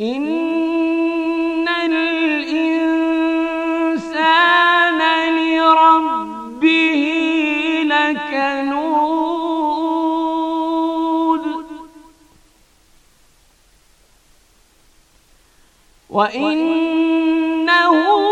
إن الإنسان لربه لكنود وإنه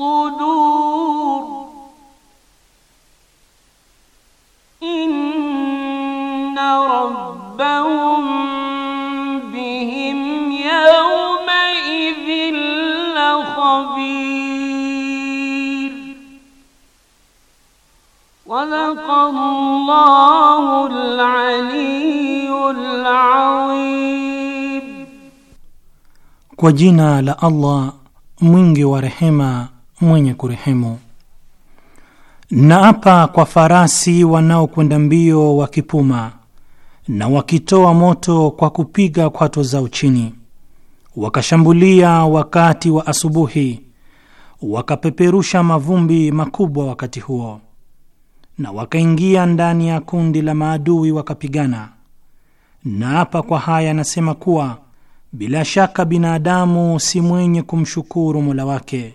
الصدور إن ربهم صدق الله العلي العظيم. وجينا لالله الله منجي ورحمه mwenye kurehemu. Naapa kwa farasi wanaokwenda mbio wakipuma na wakitoa moto kwa kupiga kwato zao chini, wakashambulia wakati wa asubuhi, wakapeperusha mavumbi makubwa wakati huo, na wakaingia ndani ya kundi la maadui wakapigana. Naapa kwa haya, anasema kuwa bila shaka binadamu si mwenye kumshukuru Mola wake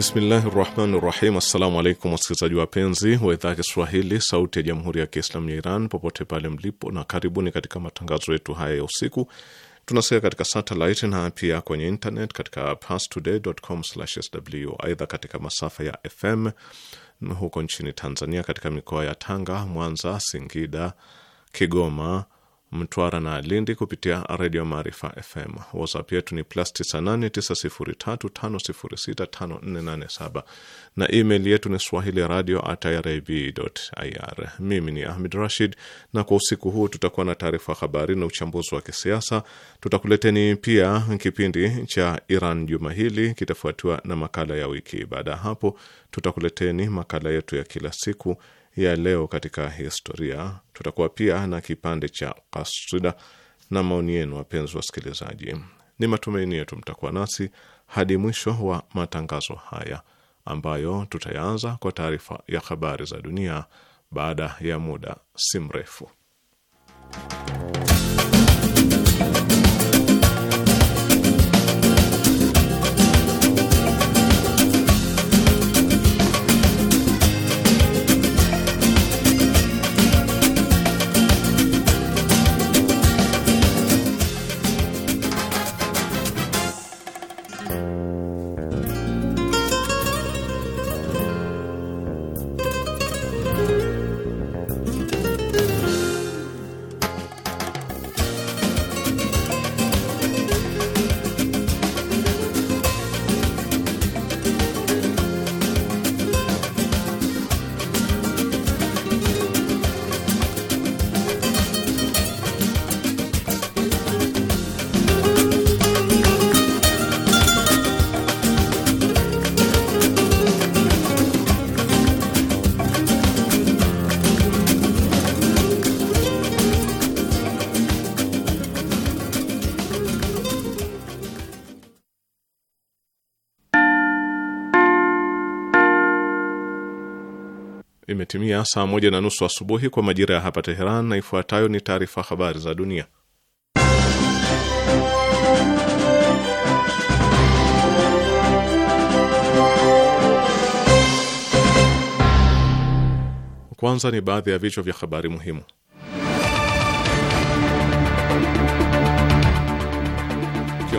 Bismillahi rahmani rahim. Assalamu alaikum wasikilizaji wapenzi wa idhaa ya Kiswahili sauti ya jamhuri ya Kiislamu ya Iran popote pale mlipo, na karibuni katika matangazo yetu haya ya usiku. Tunasikia katika satelit na pia kwenye internet katika pastodaycom sw Aidha, katika masafa ya FM huko nchini Tanzania, katika mikoa ya Tanga, Mwanza, Singida, Kigoma Mtwara na Lindi kupitia redio Maarifa FM. WhatsApp yetu ni plus 989035065487 na email yetu ni swahili radio at irib.ir. Mimi ni Ahmed Rashid, na kwa usiku huu tutakuwa na taarifa habari na uchambuzi wa kisiasa. Tutakuleteni pia kipindi cha Iran juma hili, kitafuatiwa na makala ya wiki. Baada ya hapo, tutakuleteni makala yetu ya kila siku ya leo katika historia. Tutakuwa pia na kipande cha kasida na maoni yenu, wapenzi wasikilizaji. Ni matumaini yetu mtakuwa nasi hadi mwisho wa matangazo haya ambayo tutayaanza kwa taarifa ya habari za dunia baada ya muda si mrefu. imetimia saa moja na nusu asubuhi kwa majira ya hapa Teheran, na ifuatayo ni taarifa habari za dunia. Kwanza ni baadhi ya vichwa vya habari muhimu.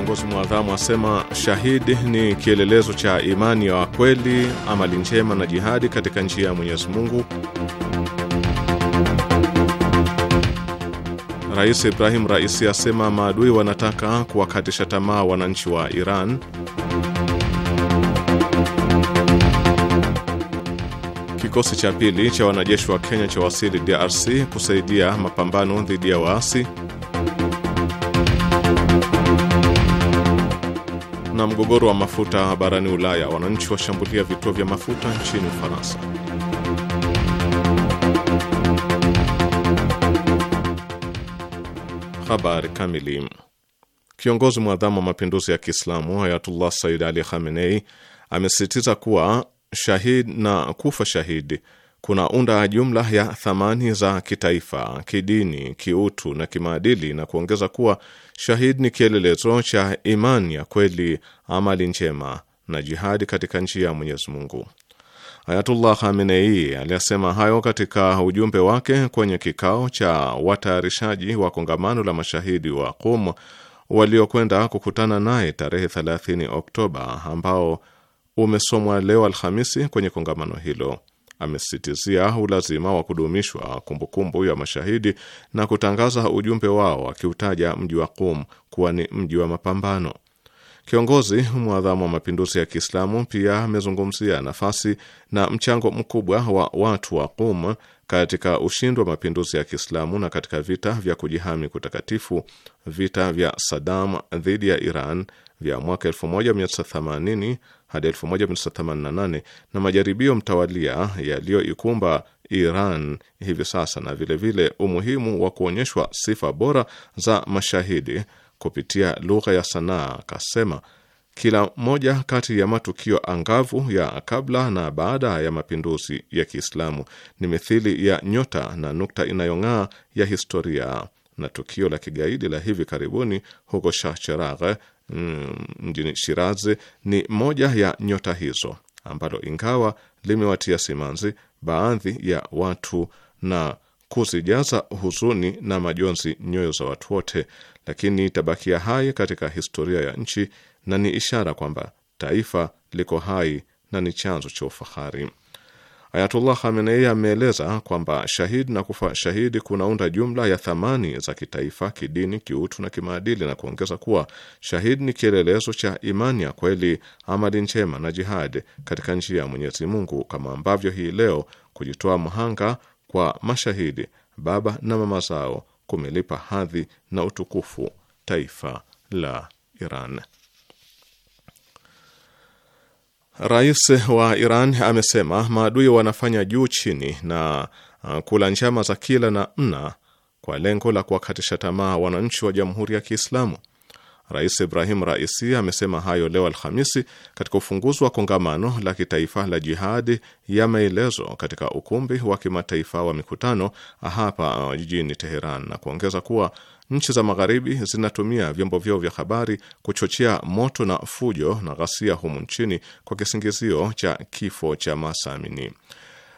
kiongozi mwadhamu asema shahidi ni kielelezo cha imani ya kweli, amali njema na jihadi katika njia ya Mwenyezi Mungu. Rais Ibrahim Raisi asema maadui wanataka kuwakatisha tamaa wananchi wa Iran. Kikosi cha pili cha wanajeshi wa Kenya cha wasili DRC kusaidia mapambano dhidi ya waasi. na mgogoro wa mafuta barani Ulaya, wananchi washambulia vituo vya mafuta nchini Ufaransa. Habari kamili. Kiongozi mwadhamu wa mapinduzi ya Kiislamu Ayatullah Said Ali Khamenei amesisitiza kuwa shahid na kufa shahidi kuna unda jumla ya thamani za kitaifa, kidini, kiutu na kimaadili na kuongeza kuwa Shahid ni kielelezo cha imani ya kweli, amali njema na jihadi katika njia ya Mwenyezi Mungu. Ayatullah Khamenei aliyasema hayo katika ujumbe wake kwenye kikao cha watayarishaji wa kongamano la mashahidi wa Qum waliokwenda kukutana naye tarehe 30 Oktoba, ambao umesomwa leo Alhamisi kwenye kongamano hilo amesisitizia ulazima wa kudumishwa kumbukumbu ya mashahidi na kutangaza ujumbe wao akiutaja mji wa Qum kuwa ni mji wa mapambano. Kiongozi mwadhamu wa mapinduzi ya Kiislamu pia amezungumzia nafasi na mchango mkubwa wa watu wa Qum katika ushindi wa mapinduzi ya Kiislamu na katika vita vya kujihami kutakatifu, vita vya Saddam dhidi ya Iran vya mwaka 1980 hadi 1988 na majaribio mtawalia yaliyoikumba Iran hivi sasa, na vilevile vile umuhimu wa kuonyeshwa sifa bora za mashahidi kupitia lugha ya sanaa, akasema kila moja kati ya matukio angavu ya kabla na baada ya mapinduzi ya Kiislamu ni mithili ya nyota na nukta inayong'aa ya historia na tukio la kigaidi la hivi karibuni huko Shah Cheragh mm, mjini Shirazi ni moja ya nyota hizo ambalo ingawa limewatia simanzi baadhi ya watu na kuzijaza huzuni na majonzi nyoyo za watu wote, lakini itabakia hai katika historia ya nchi na ni ishara kwamba taifa liko hai na ni chanzo cha ufahari. Ayatullah Khamenei ameeleza kwamba shahid na kufa shahidi kunaunda jumla ya thamani za kitaifa, kidini, kiutu na kimaadili, na kuongeza kuwa shahid ni kielelezo cha imani ya kweli, amali njema na jihad katika njia ya Mwenyezi Mungu, kama ambavyo hii leo kujitoa mhanga kwa mashahidi, baba na mama zao, kumelipa hadhi na utukufu taifa la Iran. Rais wa Iran amesema maadui wanafanya juu chini na uh, kula njama za kila na mna kwa lengo la kuwakatisha tamaa wananchi wa Jamhuri ya Kiislamu. Rais Ibrahim Raisi amesema hayo leo Alhamisi katika ufunguzi wa kongamano la kitaifa la jihadi ya maelezo katika ukumbi wa kimataifa wa mikutano hapa uh, jijini Teheran, na kuongeza kuwa Nchi za Magharibi zinatumia vyombo vyao vya habari kuchochea moto na fujo na ghasia humu nchini kwa kisingizio cha kifo cha Masamini.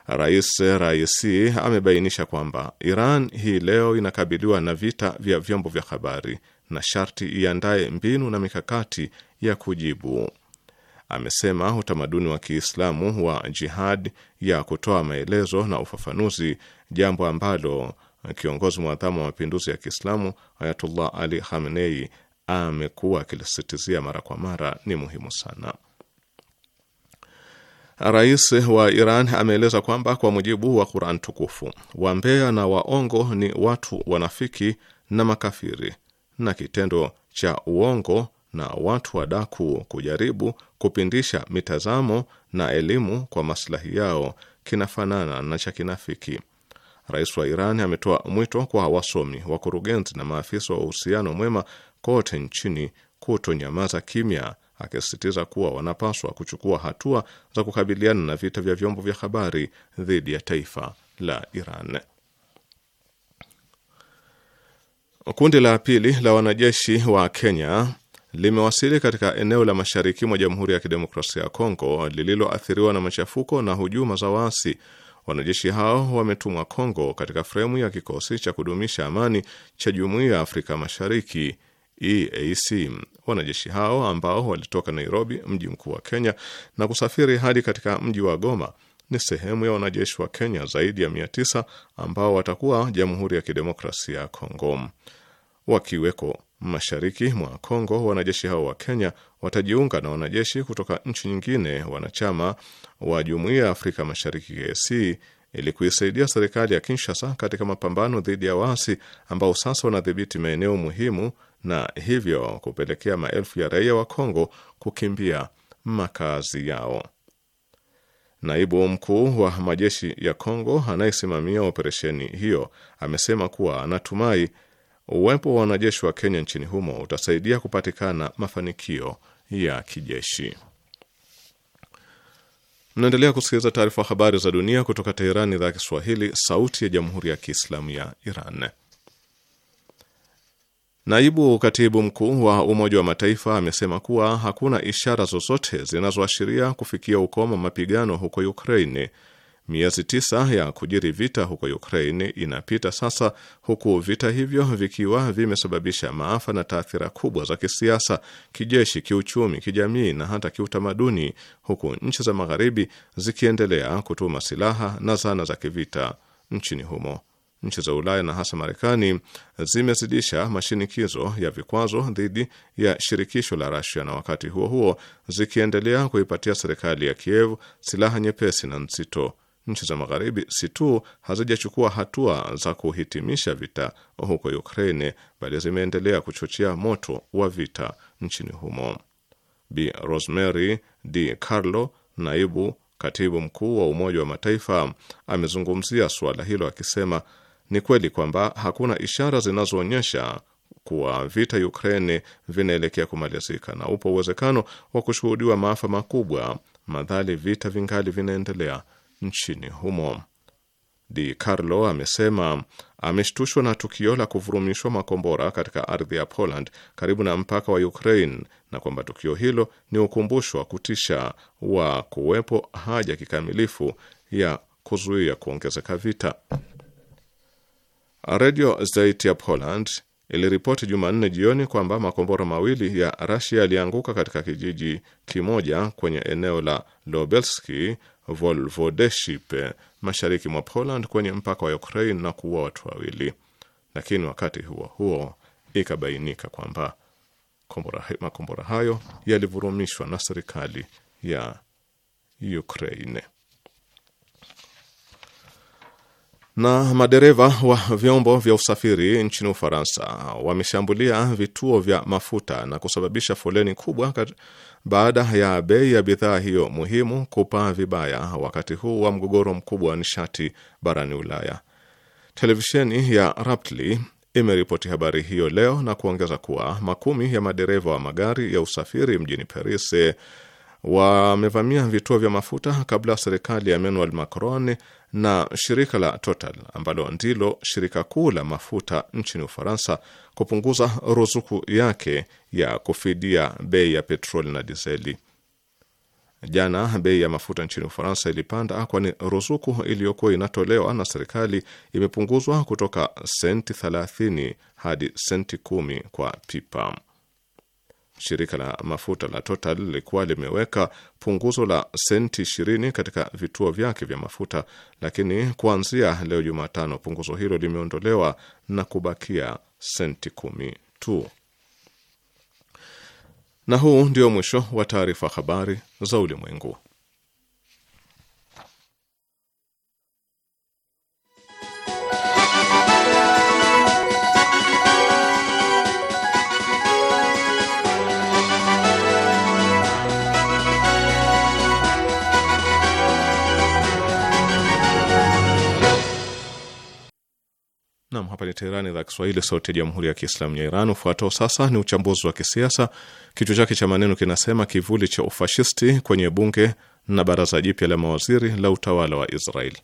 Rais Raisi amebainisha kwamba Iran hii leo inakabiliwa na vita vya vyombo vya habari na sharti iandaye mbinu na mikakati ya kujibu. Amesema utamaduni wa Kiislamu wa jihad ya kutoa maelezo na ufafanuzi, jambo ambalo kiongozi mwadhamu wa mapinduzi ya Kiislamu Ayatullah Ali Khamenei amekuwa akilisitizia mara kwa mara ni muhimu sana. Rais wa Iran ameeleza kwamba kwa mujibu wa Quran tukufu, wambea na waongo ni watu wanafiki na makafiri, na kitendo cha uongo na watu wadaku kujaribu kupindisha mitazamo na elimu kwa maslahi yao kinafanana na cha kinafiki. Rais wa Iran ametoa mwito kwa wasomi, wakurugenzi na maafisa wa uhusiano mwema kote nchini kutonyamaza kimya, akisisitiza kuwa wanapaswa kuchukua hatua za kukabiliana na vita vya vyombo vya habari dhidi ya taifa la Iran. Kundi la pili la wanajeshi wa Kenya limewasili katika eneo la mashariki mwa Jamhuri ya Kidemokrasia ya Kongo lililoathiriwa na machafuko na hujuma za waasi Wanajeshi hao wametumwa Kongo katika fremu ya kikosi cha kudumisha amani cha Jumuiya ya Afrika Mashariki EAC. Wanajeshi hao ambao walitoka Nairobi, mji mkuu wa Kenya, na kusafiri hadi katika mji wa Goma ni sehemu ya wanajeshi wa Kenya zaidi ya tisa ambao watakuwa Jamhuri ya Kidemokrasia ya Kongo wakiweko mashariki mwa Kongo, wanajeshi hao wa Kenya watajiunga na wanajeshi kutoka nchi nyingine wanachama wa Jumuiya ya Afrika Mashariki EAC ili kuisaidia serikali ya Kinshasa katika mapambano dhidi ya waasi ambao sasa wanadhibiti maeneo muhimu na hivyo kupelekea maelfu ya raia wa Kongo kukimbia makazi yao. Naibu mkuu wa majeshi ya Kongo anayesimamia operesheni hiyo amesema kuwa anatumai Uwepo wa wanajeshi wa Kenya nchini humo utasaidia kupatikana mafanikio ya kijeshi. Mnaendelea kusikiliza taarifa habari za dunia kutoka Teherani, idhaa ya Kiswahili, sauti ya jamhuri ya kiislamu ya Iran. Naibu katibu mkuu wa Umoja wa Mataifa amesema kuwa hakuna ishara zozote zinazoashiria kufikia ukoma mapigano huko Ukraini Miezi tisa ya kujiri vita huko Ukraine inapita sasa, huku vita hivyo vikiwa vimesababisha maafa na taathira kubwa za kisiasa, kijeshi, kiuchumi, kijamii na hata kiutamaduni, huku nchi za Magharibi zikiendelea kutuma silaha na zana za kivita nchini humo. Nchi za Ulaya na hasa Marekani zimezidisha mashinikizo ya vikwazo dhidi ya shirikisho la Rasia, na wakati huo huo zikiendelea kuipatia serikali ya Kiev silaha nyepesi na nzito nchi za Magharibi si tu hazijachukua hatua za kuhitimisha vita huko Ukraine, bali zimeendelea kuchochea moto wa vita nchini humo. Bi Rosemary Di Carlo, naibu katibu mkuu wa Umoja wa Mataifa, amezungumzia suala hilo akisema, ni kweli kwamba hakuna ishara zinazoonyesha kuwa vita Ukraine vinaelekea kumalizika na upo uwezekano wa kushuhudiwa maafa makubwa madhali vita vingali vinaendelea nchini humo. Di Carlo amesema ameshtushwa na tukio la kuvurumishwa makombora katika ardhi ya Poland karibu na mpaka wa Ukraine na kwamba tukio hilo ni ukumbusho wa kutisha wa kuwepo haja kikamilifu ya kuzuia kuongezeka vita. Redio Zait ya Poland iliripoti Jumanne jioni kwamba makombora mawili ya Rasia yalianguka katika kijiji kimoja kwenye eneo la Lobelski Voivodeship mashariki mwa Poland kwenye mpaka wa Ukraine na kuua watu wawili, lakini wakati huo huo ikabainika kwamba makombora hayo yalivurumishwa na serikali ya Ukraine. Na madereva wa vyombo vya usafiri nchini Ufaransa wameshambulia vituo vya mafuta na kusababisha foleni kubwa baada ya bei ya bidhaa hiyo muhimu kupaa vibaya wakati huu wa mgogoro mkubwa wa nishati barani Ulaya. Televisheni ya Raptly imeripoti habari hiyo leo na kuongeza kuwa makumi ya madereva wa magari ya usafiri mjini Paris wamevamia vituo vya mafuta kabla serikali ya Emmanuel Macron na shirika la Total ambalo ndilo shirika kuu la mafuta nchini Ufaransa kupunguza ruzuku yake ya kufidia bei ya petroli na dizeli. Jana bei ya mafuta nchini Ufaransa ilipanda kwani ruzuku iliyokuwa inatolewa na serikali imepunguzwa kutoka senti 30 hadi senti 10 kwa pipa shirika la mafuta la Total lilikuwa limeweka punguzo la senti 20 katika vituo vyake vya mafuta, lakini kuanzia leo Jumatano punguzo hilo limeondolewa na kubakia senti kumi tu. Na huu ndio mwisho wa taarifa habari za ulimwengu. ya Teherani, idhaa Kiswahili, sauti ya jamhuri ya kiislamu ya Iran. Ufuatao sasa ni uchambuzi wa kisiasa, kichwa chake cha maneno kinasema kivuli cha ufashisti kwenye bunge na baraza jipya la mawaziri la utawala wa Israeli.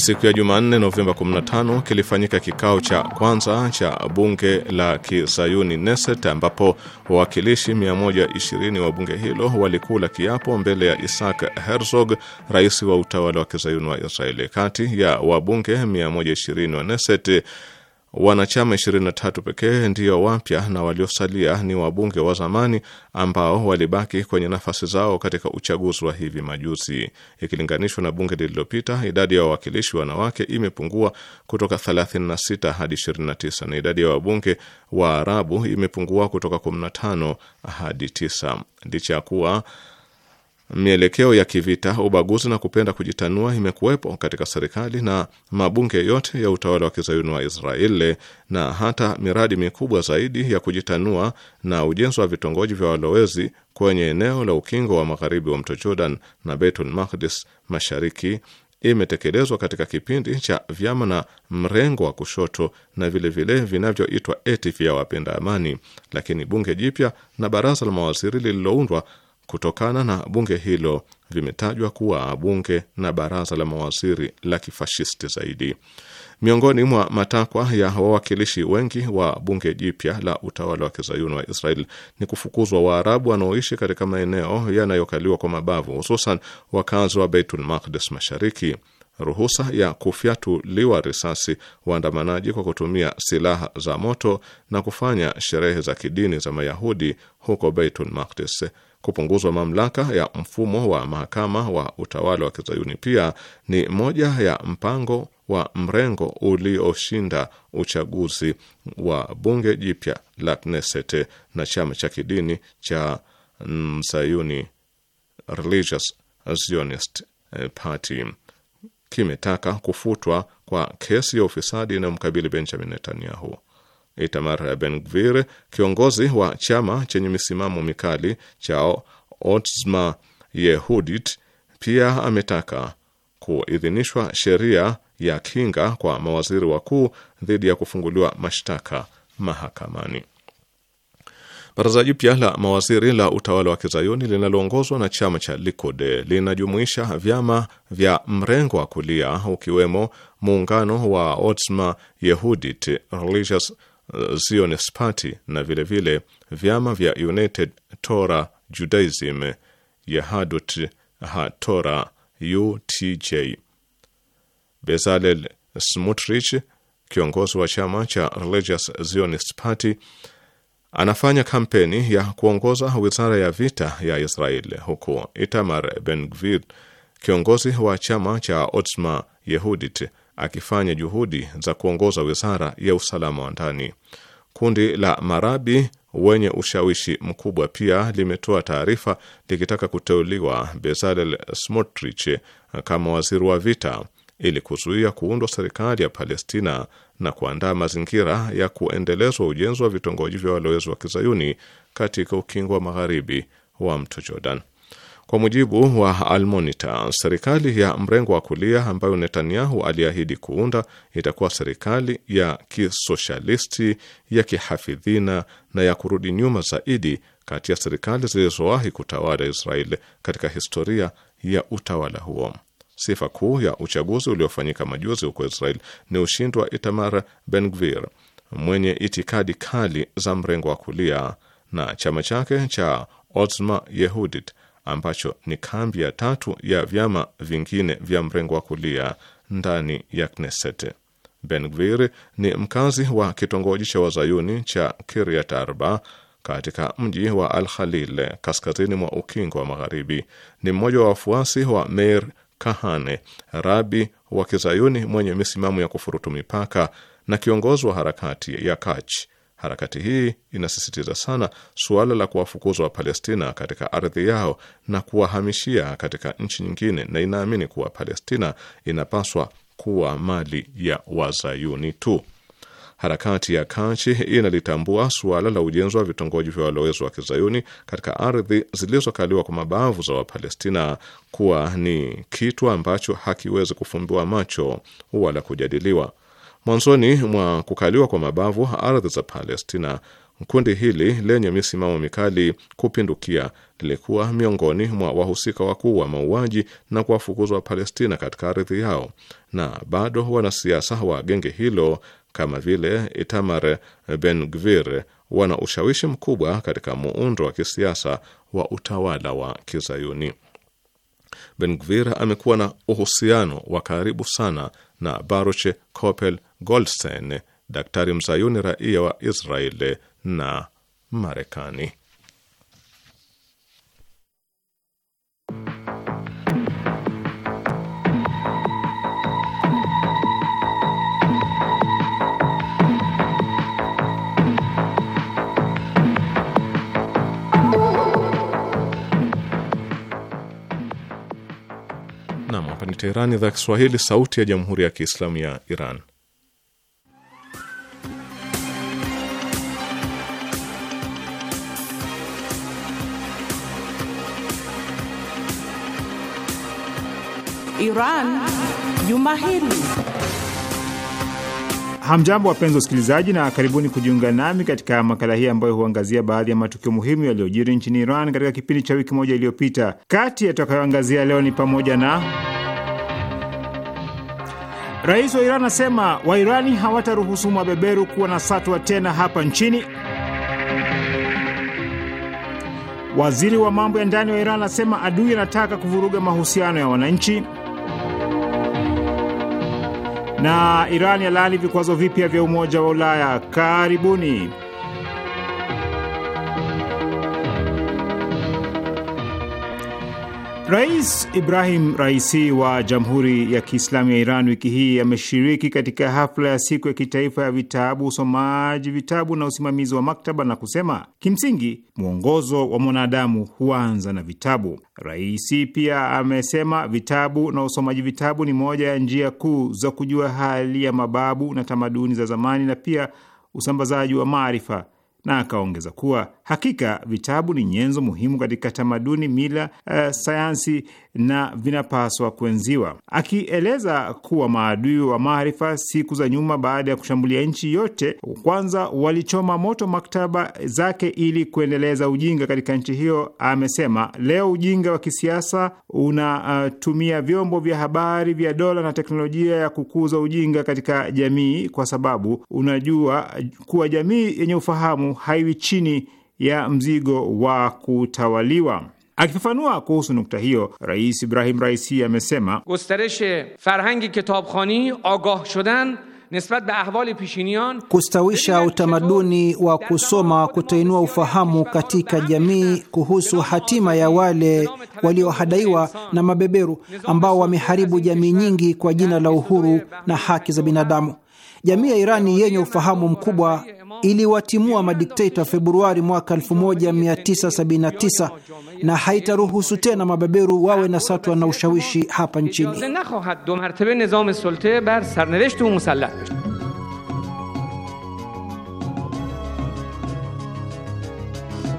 Siku ya Jumanne Novemba 15 kilifanyika kikao cha kwanza cha bunge la Kisayuni Neset ambapo wawakilishi 120 wa bunge hilo walikula kiapo mbele ya Isaac Herzog, rais wa utawala wa Kizayuni wa Israeli. Kati ya wabunge 120 wa Neset Wanachama 23 pekee ndiyo wapya na waliosalia ni wabunge wa zamani ambao walibaki kwenye nafasi zao katika uchaguzi wa hivi majuzi. Ikilinganishwa na bunge lililopita, idadi ya wawakilishi wanawake imepungua kutoka 36 hadi 29 na idadi ya wabunge wa Arabu imepungua kutoka 15 hadi 9 licha ya kuwa Mielekeo ya kivita, ubaguzi na kupenda kujitanua imekuwepo katika serikali na mabunge yote ya utawala wa kizayuni wa Israeli, na hata miradi mikubwa zaidi ya kujitanua na ujenzi wa vitongoji vya walowezi kwenye eneo la ukingo wa magharibi wa mto Jordan na Beitul Maqdis mashariki imetekelezwa katika kipindi cha vyama na mrengo wa kushoto na vilevile vinavyoitwa eti vya wapenda amani, lakini bunge jipya na baraza la mawaziri lililoundwa kutokana na bunge hilo vimetajwa kuwa bunge na baraza la mawaziri la kifashisti zaidi. Miongoni mwa matakwa ya wawakilishi wengi wa bunge jipya la utawala wa kizayuni wa Israel ni kufukuzwa Waarabu wanaoishi katika maeneo yanayokaliwa kwa mabavu, hususan wakazi wa Beitul Maqdis Mashariki, ruhusa ya kufyatuliwa risasi waandamanaji kwa kutumia silaha za moto na kufanya sherehe za kidini za Mayahudi huko Beitul Maqdis Kupunguzwa mamlaka ya mfumo wa mahakama wa utawala wa kizayuni pia ni moja ya mpango wa mrengo ulioshinda uchaguzi wa bunge jipya la Knesset na chama cha kidini cha mzayuni Religious Zionist Party kimetaka kufutwa kwa kesi ya ufisadi inayomkabili Benjamin Netanyahu. Itamar Ben-Gvir, kiongozi wa chama chenye misimamo mikali cha Otzma Yehudit, pia ametaka kuidhinishwa sheria ya kinga kwa mawaziri wakuu dhidi ya kufunguliwa mashtaka mahakamani. Baraza jipya la mawaziri la utawala wa kizayuni linaloongozwa na chama cha Likud linajumuisha vyama vya mrengo wa kulia ukiwemo muungano wa Otzma Yehudit Religious Eh, Zionist Party na vilevile vile vyama vya United Torah Judaism, Yahadut HaTorah UTJ. Bezalel Smutrich, kiongozi wa chama cha Religious Zionist Party, anafanya kampeni ya kuongoza wizara ya vita ya Israel, huku Itamar Ben Gvir, kiongozi wa chama cha Otzma Yehudit, akifanya juhudi za kuongoza wizara ya usalama wa ndani. Kundi la marabi wenye ushawishi mkubwa pia limetoa taarifa likitaka kuteuliwa Bezalel Smotrich kama waziri wa vita ili kuzuia kuundwa serikali ya Palestina na kuandaa mazingira ya kuendelezwa ujenzi wa vitongoji vya walowezi wa kizayuni katika ukingo wa magharibi wa mto Jordan. Kwa mujibu wa Almonita, serikali ya mrengo wa kulia ambayo Netanyahu aliahidi kuunda itakuwa serikali ya kisoshalisti ya kihafidhina na ya kurudi nyuma zaidi kati ya serikali zilizowahi kutawala Israeli katika historia ya utawala huo. Sifa kuu ya uchaguzi uliofanyika majuzi huko Israel ni ushindi wa Itamar Ben-Gvir mwenye itikadi kali za mrengo wa kulia na chama chake cha Otzma Yehudit ambacho ni kambi ya tatu ya vyama vingine vya mrengo wa kulia ndani ya Knesset. Ben Gvir ni mkazi wa kitongoji cha wazayuni cha Kiryat Arba katika mji wa Al Khalil kaskazini mwa ukingo wa Magharibi. Ni mmoja wa wafuasi wa Meir Kahane, rabi wa kizayuni mwenye misimamo ya kufurutu mipaka na kiongozi wa harakati ya Kach Harakati hii inasisitiza sana suala la kuwafukuza Wapalestina katika ardhi yao na kuwahamishia katika nchi nyingine, na inaamini kuwa Palestina inapaswa kuwa mali ya wazayuni tu. Harakati ya Kachi inalitambua suala la ujenzi wa vitongoji vya walowezi wa kizayuni katika ardhi zilizokaliwa kwa mabavu za Wapalestina kuwa ni kitu ambacho hakiwezi kufumbiwa macho wala kujadiliwa. Mwanzoni mwa kukaliwa kwa mabavu ardhi za Palestina, kundi hili lenye misimamo mikali kupindukia lilikuwa miongoni mwa wahusika wakuu wa mauaji na kuwafukuzwa Palestina katika ardhi yao, na bado wanasiasa wa genge hilo kama vile Itamar Ben Gvir wana ushawishi mkubwa katika muundo wa kisiasa wa utawala wa Kizayuni. Ben Gvir amekuwa na uhusiano wa karibu sana na Baruch Koppel Goldstein, daktari mzayuni raia wa Israeli na Marekani. Teherani za Kiswahili, sauti ya jamhuri ya kiislamu ya Iran. Iran juma hili. Hamjambo, wapenzi wasikilizaji, na karibuni kujiunga nami katika makala hii ambayo huangazia baadhi ya matukio muhimu yaliyojiri nchini Iran katika kipindi cha wiki moja iliyopita. Kati yatakayoangazia leo ni pamoja na Rais wa Iran anasema Wairani hawataruhusu mabeberu kuwa na satwa tena hapa nchini. Waziri wa mambo ya ndani wa Iran anasema adui anataka kuvuruga mahusiano ya wananchi, na Iran yalaani vikwazo vipya vya Umoja wa Ulaya. Karibuni. Rais Ibrahim Raisi wa Jamhuri ya Kiislamu ya Iran wiki hii ameshiriki katika hafla ya siku ya kitaifa ya vitabu, usomaji vitabu na usimamizi wa maktaba na kusema kimsingi mwongozo wa mwanadamu huanza na vitabu. Raisi pia amesema vitabu na usomaji vitabu ni moja ya njia kuu za kujua hali ya mababu na tamaduni za zamani na pia usambazaji wa maarifa, na akaongeza kuwa Hakika vitabu ni nyenzo muhimu katika tamaduni, mila, uh, sayansi na vinapaswa kuenziwa. Akieleza kuwa maadui wa maarifa siku za nyuma, baada ya kushambulia nchi yote, kwanza walichoma moto maktaba zake ili kuendeleza ujinga katika nchi hiyo, amesema leo ujinga wa kisiasa unatumia uh, vyombo vya habari vya dola na teknolojia ya kukuza ujinga katika jamii, kwa sababu unajua kuwa jamii yenye ufahamu haiwi chini ya mzigo wa kutawaliwa. Akifafanua kuhusu nukta hiyo, Rais Ibrahim Raisi amesema gustareshe farhangi kitabkhani agah shudan kustawisha utamaduni wa kusoma kutainua ufahamu katika jamii kuhusu hatima ya wale waliohadaiwa na mabeberu ambao wameharibu jamii nyingi kwa jina la uhuru na haki za binadamu. Jamii ya Irani yenye ufahamu mkubwa iliwatimua madikteta Februari mwaka 1979 na haitaruhusu tena mabeberu wawe na satwa na ushawishi hapa nchini.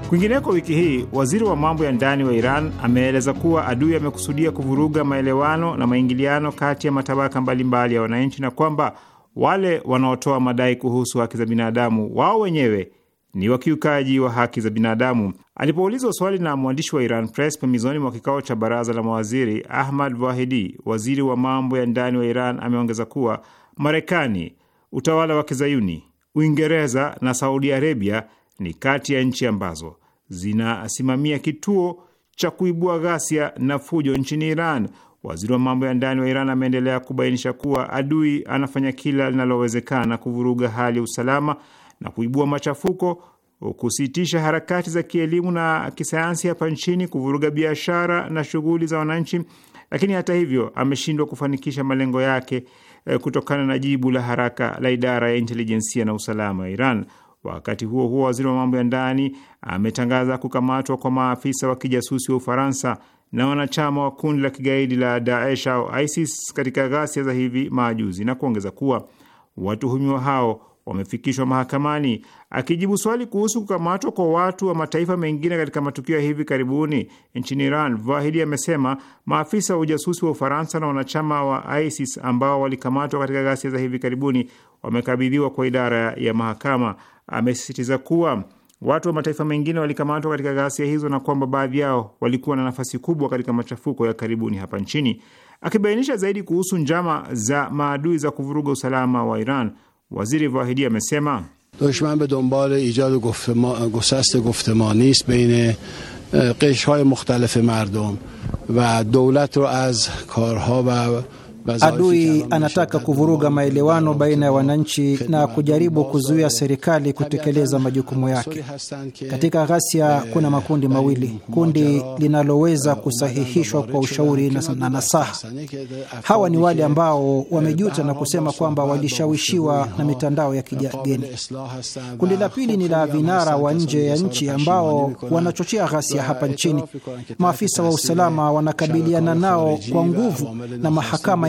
Kwingineko, wiki hii waziri wa mambo ya ndani wa Iran ameeleza kuwa adui amekusudia kuvuruga maelewano na maingiliano kati ya matabaka mbalimbali mbali ya wananchi na kwamba wale wanaotoa madai kuhusu haki za binadamu wao wenyewe ni wakiukaji wa haki za binadamu. Alipoulizwa swali na mwandishi wa Iran Press pembezoni mwa kikao cha baraza la mawaziri, Ahmad Wahidi, waziri wa mambo ya ndani wa Iran, ameongeza kuwa Marekani, utawala wa Kizayuni, Uingereza na Saudi Arabia ni kati ya nchi ambazo zinasimamia kituo cha kuibua ghasia na fujo nchini Iran. Waziri wa mambo ya ndani wa Iran ameendelea kubainisha kuwa adui anafanya kila linalowezekana kuvuruga hali ya usalama na kuibua machafuko, kusitisha harakati za kielimu na kisayansi hapa nchini, kuvuruga biashara na shughuli za wananchi, lakini hata hivyo ameshindwa kufanikisha malengo yake eh, kutokana na jibu la haraka la idara ya intelijensia na usalama ya Iran. Wakati huo huo, waziri wa mambo ya ndani ametangaza kukamatwa kwa maafisa wa kijasusi wa Ufaransa na wanachama wa kundi la kigaidi la Daesh au ISIS katika ghasia za hivi majuzi, na kuongeza kuwa watuhumiwa hao wamefikishwa mahakamani. Akijibu swali kuhusu kukamatwa kwa watu wa mataifa mengine katika matukio ya hivi karibuni nchini Iran, Vahidi amesema maafisa wa ujasusi wa Ufaransa na wanachama wa ISIS ambao walikamatwa katika ghasia za hivi karibuni wamekabidhiwa kwa idara ya mahakama. Amesisitiza kuwa Watu wa mataifa mengine walikamatwa katika ghasia hizo na kwamba baadhi yao walikuwa na nafasi kubwa katika machafuko ya karibuni hapa nchini. Akibainisha zaidi kuhusu njama za maadui za kuvuruga usalama wa Iran, waziri Vahidi amesema dushman be dombal ijad gusaste guftemani ist bein eh, mardom va dowlat ro az karha va Adui anataka kuvuruga maelewano baina ya wananchi na kujaribu kuzuia serikali kutekeleza majukumu yake. Katika ghasia eh, kuna makundi eh, mawili, kundi linaloweza eh, kusahihishwa kwa ushauri na nasaha. Hawa ni wale ambao wamejuta na kusema kwamba walishawishiwa na mitandao ya kigeni. Kundi la pili ni la vinara wa nje ya nchi ambao wanachochea ghasia hapa nchini. Maafisa wa usalama wanakabiliana nao kwa nguvu na mahakama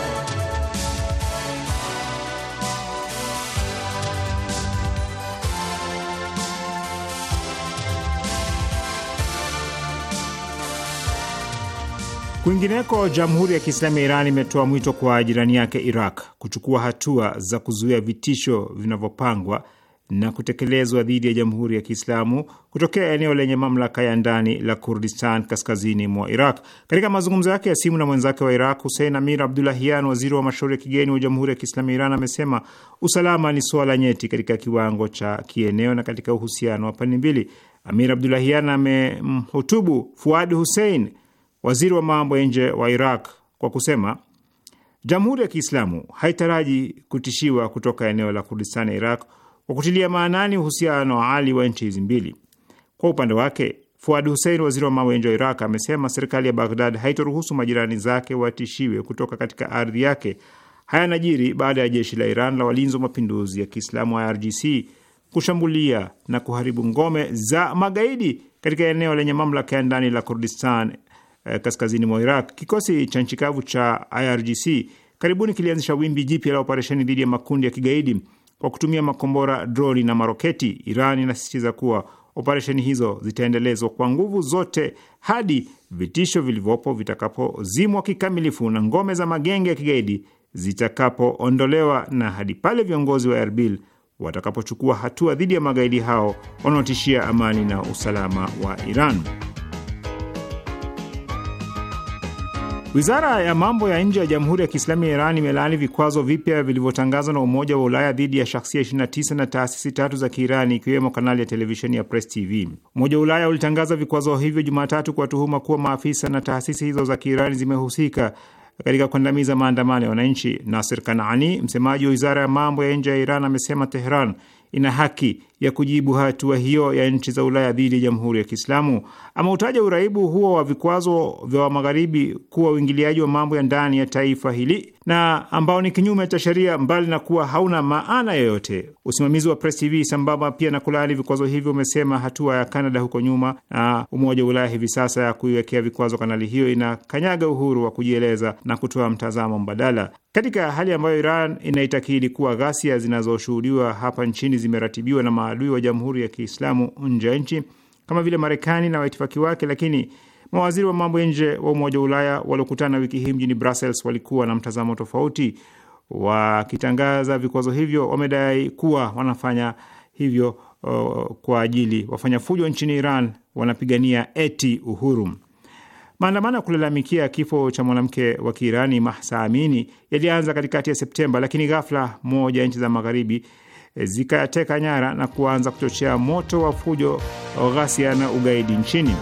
Kwingineko, Jamhuri ya Kiislamu ya Iran imetoa mwito kwa jirani yake Iraq kuchukua hatua za kuzuia vitisho vinavyopangwa na kutekelezwa dhidi ya Jamhuri ya Kiislamu kutokea eneo lenye mamlaka ya ndani la Kurdistan kaskazini mwa Iraq. Katika mazungumzo yake ya simu na mwenzake wa Iraq, Hussein Amir Abdulahian, waziri wa mashauri ya kigeni wa Jamhuri ya Kiislamu ya Iran, amesema usalama ni suala nyeti katika kiwango cha kieneo na katika uhusiano wa pande mbili. Amir Abdulahian amemhutubu Fuad Hussein, waziri wa mambo ya nje wa Iraq kwa kusema jamhuri ya Kiislamu haitaraji kutishiwa kutoka eneo la Kurdistan ya Iraq, kwa kutilia maanani uhusiano wa hali wa nchi hizi mbili. Kwa upande wake, Fuad Hussein, waziri wa mambo ya nje wa Iraq, amesema serikali ya Baghdad haitoruhusu majirani zake watishiwe kutoka katika ardhi yake. Haya najiri baada ya jeshi la Iran la walinzi wa mapinduzi ya Kiislamu IRGC kushambulia na kuharibu ngome za magaidi katika eneo lenye mamlaka ya ndani la Kurdistan Eh, kaskazini mwa Iraq. Kikosi cha nchi kavu cha IRGC karibuni kilianzisha wimbi jipya la operesheni dhidi ya makundi ya kigaidi kwa kutumia makombora, droni na maroketi. Iran inasisitiza kuwa operesheni hizo zitaendelezwa kwa nguvu zote hadi vitisho vilivyopo vitakapozimwa kikamilifu na ngome za magenge ya kigaidi zitakapoondolewa na hadi pale viongozi wa Erbil watakapochukua hatua dhidi ya magaidi hao wanaotishia amani na usalama wa Iran. Wizara ya mambo ya nje ya Jamhuri ya Kiislamu ya Iran imelaani vikwazo vipya vilivyotangazwa na Umoja wa Ulaya dhidi ya shahsia 29 na taasisi tatu za Kiirani, ikiwemo kanali ya televisheni ya Press TV. Umoja wa Ulaya ulitangaza vikwazo hivyo Jumatatu kwa tuhuma kuwa maafisa na taasisi hizo za Kiirani zimehusika katika kuandamiza maandamano ya wananchi. Nasir Kanaani, msemaji wa wizara ya mambo ya nje ya Iran, amesema teheran ina haki ya kujibu hatua hiyo ya nchi za Ulaya dhidi ya Jamhuri ya Kiislamu. Ameutaja uraibu huo wa vikwazo vya Magharibi kuwa uingiliaji wa mambo ya ndani ya taifa hili na ambao ni kinyume cha sheria, mbali na kuwa hauna maana yoyote. Usimamizi wa Press TV sambamba pia na kulaani vikwazo hivyo umesema hatua ya Kanada huko nyuma na Umoja wa Ulaya hivi sasa ya kuiwekea vikwazo kanali hiyo inakanyaga uhuru wa kujieleza na kutoa mtazamo mbadala katika hali ambayo Iran inaitakidi kuwa ghasia zinazoshuhudiwa hapa nchini zimeratibiwa na maadui wa Jamhuri ya Kiislamu nje ya nchi kama vile Marekani na waitifaki wake, lakini mawaziri wa mambo ya nje wa Umoja wa Ulaya waliokutana wiki hii mjini Brussels walikuwa na mtazamo tofauti. Wakitangaza vikwazo hivyo, wamedai kuwa wanafanya hivyo uh, kwa ajili wafanya fujo nchini Iran wanapigania eti uhuru. Maandamano ya kulalamikia kifo cha mwanamke wa Kiirani Mahsa Amini yalianza katikati ya Septemba, lakini ghafla moja ya nchi za magharibi Eh, zikayateka nyara na kuanza kuchochea moto wa fujo, ghasia na ugaidi nchini.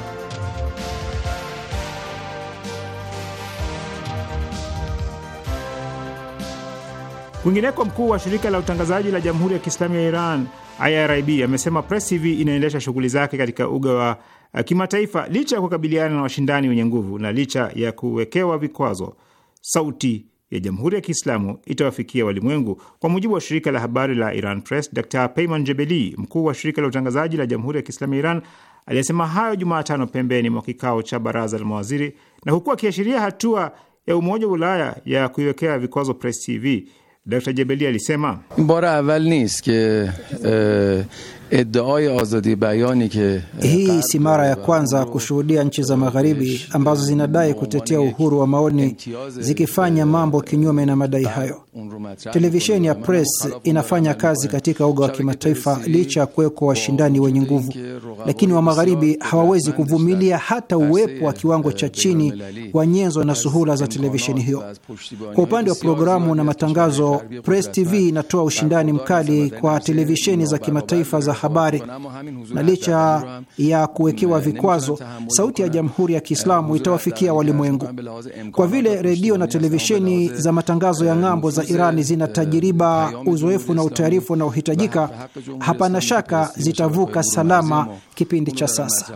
Kwingineko, mkuu wa shirika la utangazaji la Jamhuri ya Kiislamu ya Iran IRIB amesema Press TV inaendesha shughuli zake katika uga wa eh, kimataifa licha ya kukabiliana na washindani wenye nguvu na licha ya kuwekewa vikwazo. Sauti ya Jamhuri ya Kiislamu itawafikia walimwengu. Kwa mujibu wa shirika la habari la Iran Press, Dr Peyman Jebeli, mkuu wa shirika la utangazaji la Jamhuri ya Kiislamu ya Iran, aliyesema hayo Jumatano pembeni mwa kikao cha baraza la mawaziri na huku akiashiria hatua ya Umoja wa Ulaya ya kuiwekea vikwazo Press TV. Dr Jebeli alisema bora aval ke eh, hii si mara ya kwanza kushuhudia nchi za magharibi ambazo zinadai kutetea uhuru wa maoni zikifanya mambo kinyume na madai hayo. Televisheni ya Press inafanya kazi katika uga wa kimataifa licha ya kuwekwa washindani wenye nguvu, lakini wa magharibi hawawezi kuvumilia hata uwepo wa kiwango cha chini wa nyenzo na suhula za televisheni hiyo. Kwa upande wa programu na matangazo, Press TV inatoa ushindani mkali kwa televisheni za kimataifa za habari. Na licha ya kuwekewa vikwazo, sauti ya Jamhuri ya eh, Kiislamu itawafikia walimwengu kwa vile redio na televisheni za matangazo ya eh, ng'ambo za Irani zina eh, tajiriba, uzoefu na utaarifu unaohitajika. Hapana shaka zitavuka salama kipindi cha sasa.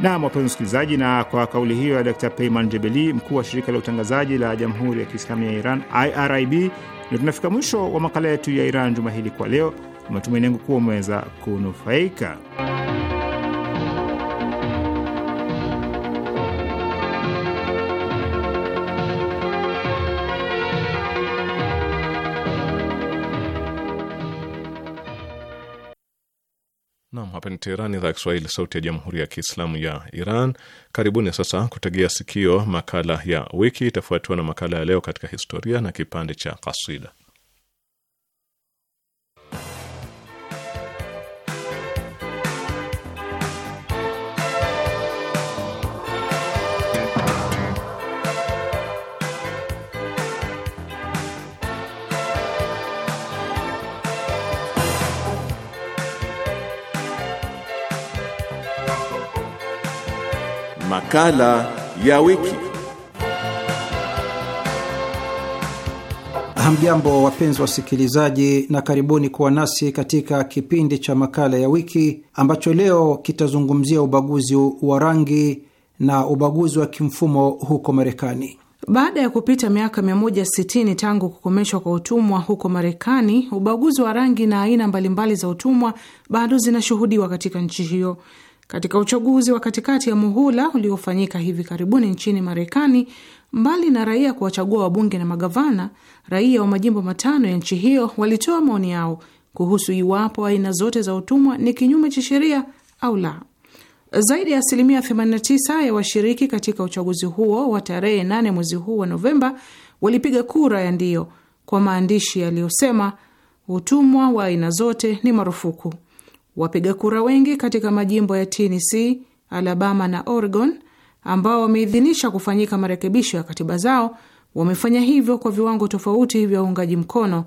Naam, wapenzi msikilizaji, na kwa kauli hiyo ya Dr. Peyman Jebeli, mkuu wa shirika la utangazaji la Jamhuri ya Kiislamu ya Iran IRIB, ndio tunafika mwisho wa makala yetu ya Iran juma hili kwa leo. Matumaini yangu kuwa umeweza kunufaika. Hapa ni Teheran, idhaa ya Kiswahili, sauti ya jamhuri ya kiislamu ya Iran. Karibuni sasa kutegea sikio makala ya wiki, itafuatiwa na makala ya leo katika historia na kipande cha kasida. Makala ya wiki. Hamjambo wapenzi wasikilizaji, na karibuni kuwa nasi katika kipindi cha makala ya wiki ambacho leo kitazungumzia ubaguzi wa rangi na ubaguzi wa kimfumo huko Marekani. Baada ya kupita miaka 160 tangu kukomeshwa kwa utumwa huko Marekani, ubaguzi wa rangi na aina mbalimbali za utumwa bado zinashuhudiwa katika nchi hiyo. Katika uchaguzi wa katikati ya muhula uliofanyika hivi karibuni nchini Marekani, mbali na raia kuwachagua wabunge na magavana, raia wa majimbo matano ya nchi hiyo walitoa maoni yao kuhusu iwapo aina zote za utumwa ni kinyume cha sheria au la. Zaidi ya asilimia 89 ya washiriki katika uchaguzi huo wa tarehe 8 mwezi huu wa Novemba walipiga kura ya ndio kwa maandishi yaliyosema utumwa wa aina zote ni marufuku. Wapiga kura wengi katika majimbo ya Tennessee, Alabama na Oregon ambao wameidhinisha kufanyika marekebisho ya katiba zao wamefanya hivyo kwa viwango tofauti vya uungaji mkono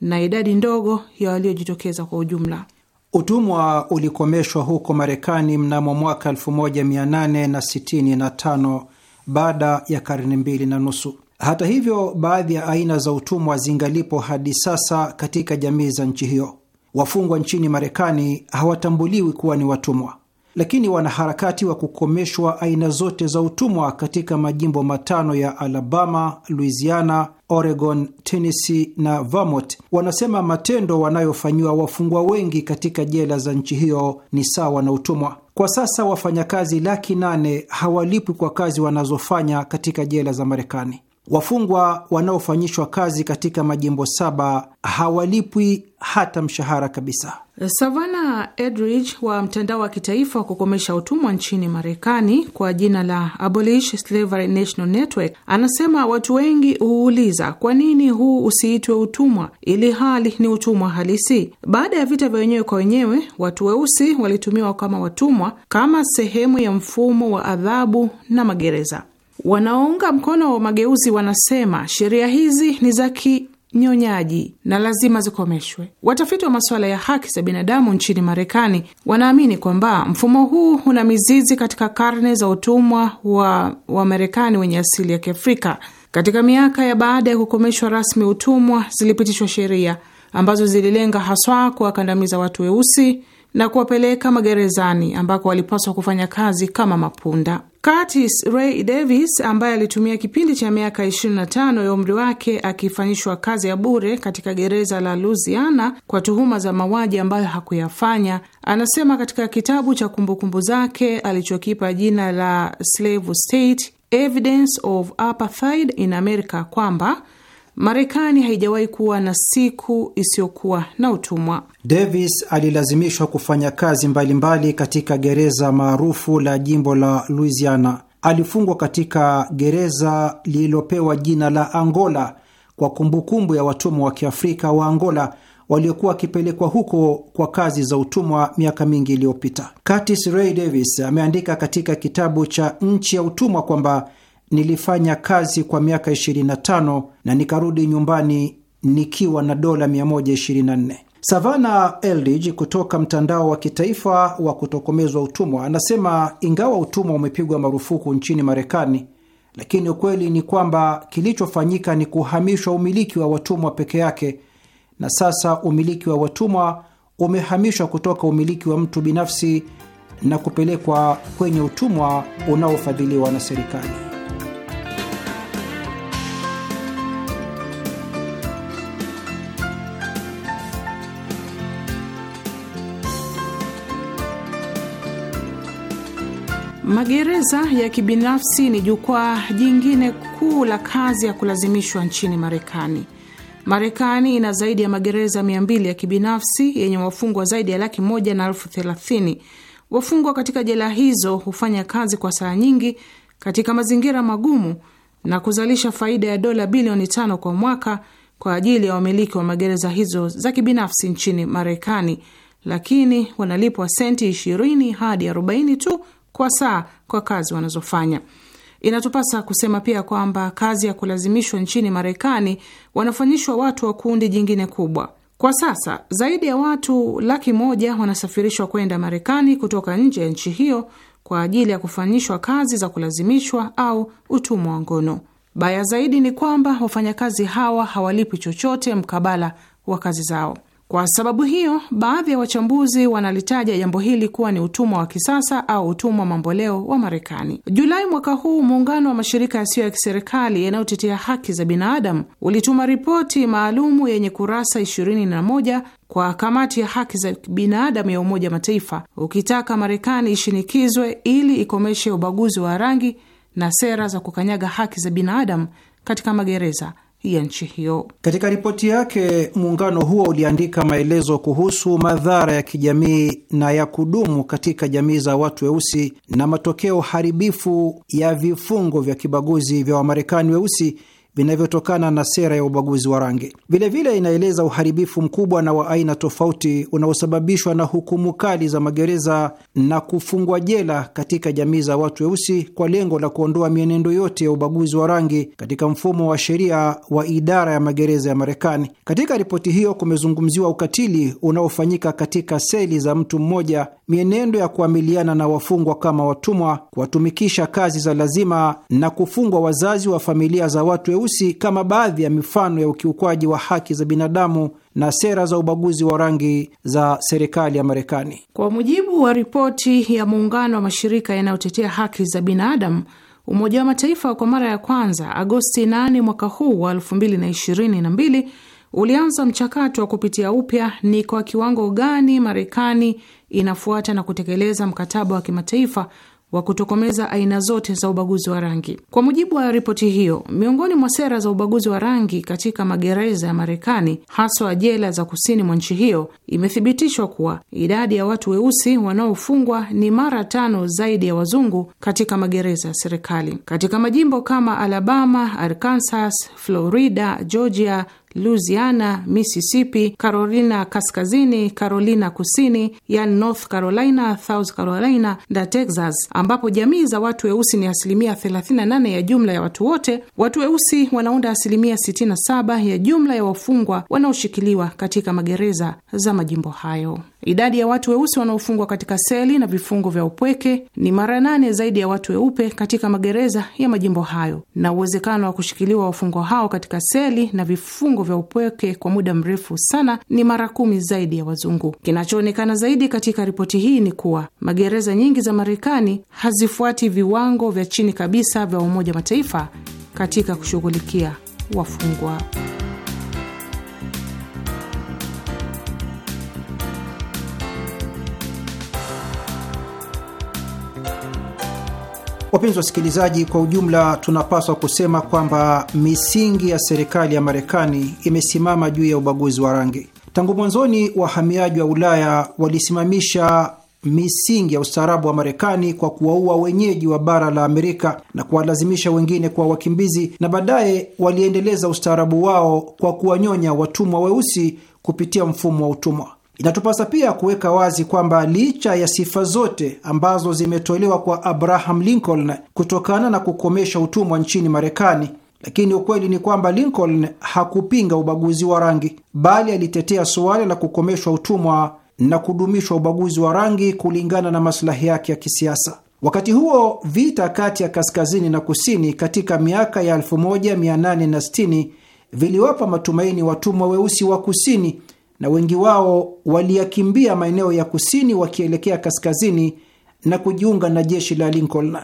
na idadi ndogo ya waliojitokeza kwa ujumla. Utumwa ulikomeshwa huko Marekani mnamo mwaka 1865 baada ya karne mbili na nusu. Hata hivyo, baadhi ya aina za utumwa zingalipo hadi sasa katika jamii za nchi hiyo. Wafungwa nchini Marekani hawatambuliwi kuwa ni watumwa, lakini wanaharakati wa kukomeshwa aina zote za utumwa katika majimbo matano ya Alabama, Louisiana, Oregon, Tennessee na Vermont wanasema matendo wanayofanyiwa wafungwa wengi katika jela za nchi hiyo ni sawa na utumwa. Kwa sasa wafanyakazi laki nane hawalipwi kwa kazi wanazofanya katika jela za Marekani. Wafungwa wanaofanyishwa kazi katika majimbo saba hawalipwi hata mshahara kabisa. Savana Edridge wa mtandao wa kitaifa wa kukomesha utumwa nchini Marekani kwa jina la Abolish Slavery National Network anasema watu wengi huuliza kwa nini huu usiitwe utumwa ili hali ni utumwa halisi. Baada ya vita vya wenyewe kwa wenyewe, watu weusi walitumiwa kama watumwa kama sehemu ya mfumo wa adhabu na magereza. Wanaounga mkono wa mageuzi wanasema sheria hizi ni za kinyonyaji na lazima zikomeshwe. Watafiti wa masuala ya haki za binadamu nchini Marekani wanaamini kwamba mfumo huu una mizizi katika karne za utumwa wa Wamarekani wenye asili ya Kiafrika. Katika miaka ya baada ya kukomeshwa rasmi utumwa, zilipitishwa sheria ambazo zililenga haswa kuwakandamiza watu weusi na kuwapeleka magerezani ambako walipaswa kufanya kazi kama mapunda. Curtis Ray Davis ambaye alitumia kipindi cha miaka 25 ya umri wake akifanyishwa kazi ya bure katika gereza la Louisiana kwa tuhuma za mauaji ambayo hakuyafanya, anasema katika kitabu cha kumbukumbu zake alichokipa jina la Slave State Evidence of Apartheid in America kwamba Marekani haijawahi kuwa na siku isiyokuwa na utumwa. Davis alilazimishwa kufanya kazi mbalimbali mbali katika gereza maarufu la jimbo la Louisiana. Alifungwa katika gereza lililopewa jina la Angola kwa kumbukumbu ya watumwa wa Kiafrika wa Angola waliokuwa wakipelekwa huko kwa kazi za utumwa miaka mingi iliyopita. Curtis Ray Davis ameandika katika kitabu cha Nchi ya Utumwa kwamba nilifanya kazi kwa miaka 25 na nikarudi nyumbani nikiwa na dola 124. Savana Eldridge kutoka mtandao wa kitaifa wa kutokomezwa utumwa anasema ingawa utumwa umepigwa marufuku nchini Marekani, lakini ukweli ni kwamba kilichofanyika ni kuhamishwa umiliki wa watumwa peke yake, na sasa umiliki wa watumwa umehamishwa kutoka umiliki wa mtu binafsi na kupelekwa kwenye utumwa unaofadhiliwa na serikali. Magereza ya kibinafsi ni jukwaa jingine kuu la kazi ya kulazimishwa nchini Marekani. Marekani ina zaidi ya magereza 200 ya kibinafsi yenye wafungwa zaidi ya laki moja na elfu thelathini. Wafungwa katika jela hizo hufanya kazi kwa saa nyingi katika mazingira magumu na kuzalisha faida ya dola bilioni tano kwa mwaka kwa ajili ya wamiliki wa magereza hizo za kibinafsi nchini Marekani, lakini wanalipwa senti 20 hadi 40 tu kwa saa kwa kazi wanazofanya. Inatupasa kusema pia kwamba kazi ya kulazimishwa nchini Marekani wanafanyishwa watu wa kundi jingine kubwa. Kwa sasa zaidi ya watu laki moja wanasafirishwa kwenda Marekani kutoka nje ya nchi hiyo kwa ajili ya kufanyishwa kazi za kulazimishwa au utumwa wa ngono. Baya zaidi ni kwamba wafanyakazi hawa hawalipi chochote mkabala wa kazi zao. Kwa sababu hiyo, baadhi ya wachambuzi wanalitaja jambo hili kuwa ni utumwa wa kisasa au utumwa mamboleo wa Marekani. Julai mwaka huu, muungano wa mashirika yasiyo ya kiserikali yanayotetea haki za binadamu ulituma ripoti maalumu yenye kurasa 21 kwa kamati ya haki za binadamu ya Umoja Mataifa ukitaka Marekani ishinikizwe ili ikomeshe ubaguzi wa rangi na sera za kukanyaga haki za binadamu katika magereza ya nchi hiyo. Katika ripoti yake, muungano huo uliandika maelezo kuhusu madhara ya kijamii na ya kudumu katika jamii za watu weusi na matokeo haribifu ya vifungo vya kibaguzi vya Wamarekani weusi vinavyotokana na sera ya ubaguzi wa rangi. Vilevile inaeleza uharibifu mkubwa na wa aina tofauti unaosababishwa na hukumu kali za magereza na kufungwa jela katika jamii za watu weusi kwa lengo la kuondoa mienendo yote ya ubaguzi wa rangi katika mfumo wa sheria wa idara ya magereza ya Marekani. Katika ripoti hiyo kumezungumziwa ukatili unaofanyika katika seli za mtu mmoja, mienendo ya kuamiliana na wafungwa kama watumwa, kuwatumikisha kazi za lazima na kufungwa wazazi wa familia za watu weusi Urusi kama baadhi ya mifano ya ukiukwaji wa haki za binadamu na sera za ubaguzi wa rangi za serikali ya Marekani. Kwa mujibu wa ripoti ya muungano wa mashirika yanayotetea haki za binadamu, Umoja wa Mataifa kwa mara ya kwanza Agosti 8 mwaka huu wa 2022 ulianza mchakato wa kupitia upya ni kwa kiwango gani Marekani inafuata na kutekeleza mkataba wa kimataifa wa kutokomeza aina zote za ubaguzi wa rangi. Kwa mujibu wa ripoti hiyo, miongoni mwa sera za ubaguzi wa rangi katika magereza ya Marekani, haswa jela za kusini mwa nchi hiyo, imethibitishwa kuwa idadi ya watu weusi wanaofungwa ni mara tano zaidi ya wazungu katika magereza ya serikali. Katika majimbo kama Alabama, Arkansas, Florida, Georgia, Louisiana, Mississippi, Carolina Kaskazini, Carolina Kusini, yani North Carolina, South Carolina na Texas, ambapo jamii za watu weusi ni asilimia 38 ya jumla ya watu wote. Watu weusi wanaunda asilimia 67 ya jumla ya wafungwa wanaoshikiliwa katika magereza za majimbo hayo. Idadi ya watu weusi wanaofungwa katika seli na vifungo vya upweke ni mara nane zaidi ya watu weupe katika magereza ya majimbo hayo, na uwezekano wa kushikiliwa wafungwa hao katika seli na vifungo viungo vya upweke kwa muda mrefu sana ni mara kumi zaidi ya wazungu. Kinachoonekana zaidi katika ripoti hii ni kuwa magereza nyingi za Marekani hazifuati viwango vya chini kabisa vya Umoja Mataifa katika kushughulikia wafungwa. Wapenzi wasikilizaji, kwa ujumla tunapaswa kusema kwamba misingi ya serikali ya Marekani imesimama juu ya ubaguzi wa rangi. Tangu mwanzoni, wahamiaji wa Ulaya walisimamisha misingi ya ustaarabu wa Marekani kwa kuwaua wenyeji wa bara la Amerika na kuwalazimisha wengine kuwa wakimbizi, na baadaye waliendeleza ustaarabu wao kwa kuwanyonya watumwa weusi kupitia mfumo wa utumwa. Inatupasa pia kuweka wazi kwamba licha ya sifa zote ambazo zimetolewa kwa Abraham Lincoln kutokana na kukomesha utumwa nchini Marekani, lakini ukweli ni kwamba Lincoln hakupinga ubaguzi wa rangi, bali alitetea suala la kukomeshwa utumwa na kudumishwa ubaguzi wa rangi kulingana na masilahi yake ya kisiasa. Wakati huo vita kati ya kaskazini na kusini katika miaka ya 1860 viliwapa matumaini watumwa weusi wa kusini na wengi wao waliyakimbia maeneo ya kusini wakielekea kaskazini na kujiunga na jeshi la Lincoln.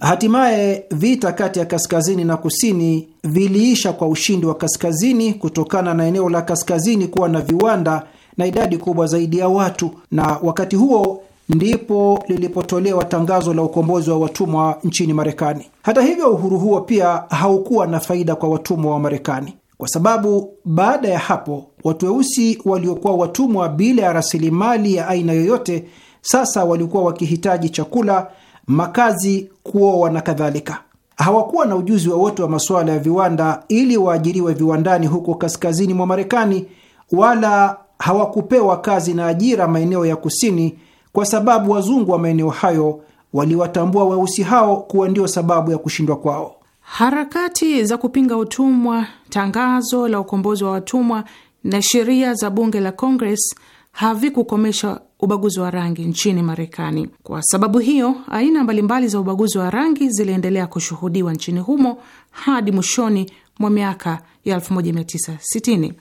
Hatimaye vita kati ya kaskazini na kusini viliisha kwa ushindi wa kaskazini kutokana na eneo la kaskazini kuwa na viwanda na idadi kubwa zaidi ya watu, na wakati huo ndipo lilipotolewa tangazo la ukombozi wa watumwa nchini Marekani. Hata hivyo, uhuru huo pia haukuwa na faida kwa watumwa wa Marekani kwa sababu baada ya hapo watu weusi waliokuwa watumwa bila ya rasilimali ya aina yoyote sasa walikuwa wakihitaji chakula, makazi, kuoa na kadhalika. Hawakuwa na ujuzi wowote wa, wa masuala ya viwanda ili waajiriwe viwandani huko kaskazini mwa Marekani, wala hawakupewa kazi na ajira maeneo ya kusini, kwa sababu wazungu wa maeneo hayo waliwatambua weusi hao kuwa ndio sababu ya kushindwa kwao. Harakati za kupinga utumwa, tangazo la ukombozi wa watumwa na sheria za bunge la Congress havikukomesha ubaguzi wa rangi nchini Marekani. Kwa sababu hiyo, aina mbalimbali za ubaguzi wa rangi ziliendelea kushuhudiwa nchini humo hadi mwishoni mwa miaka ya 1960.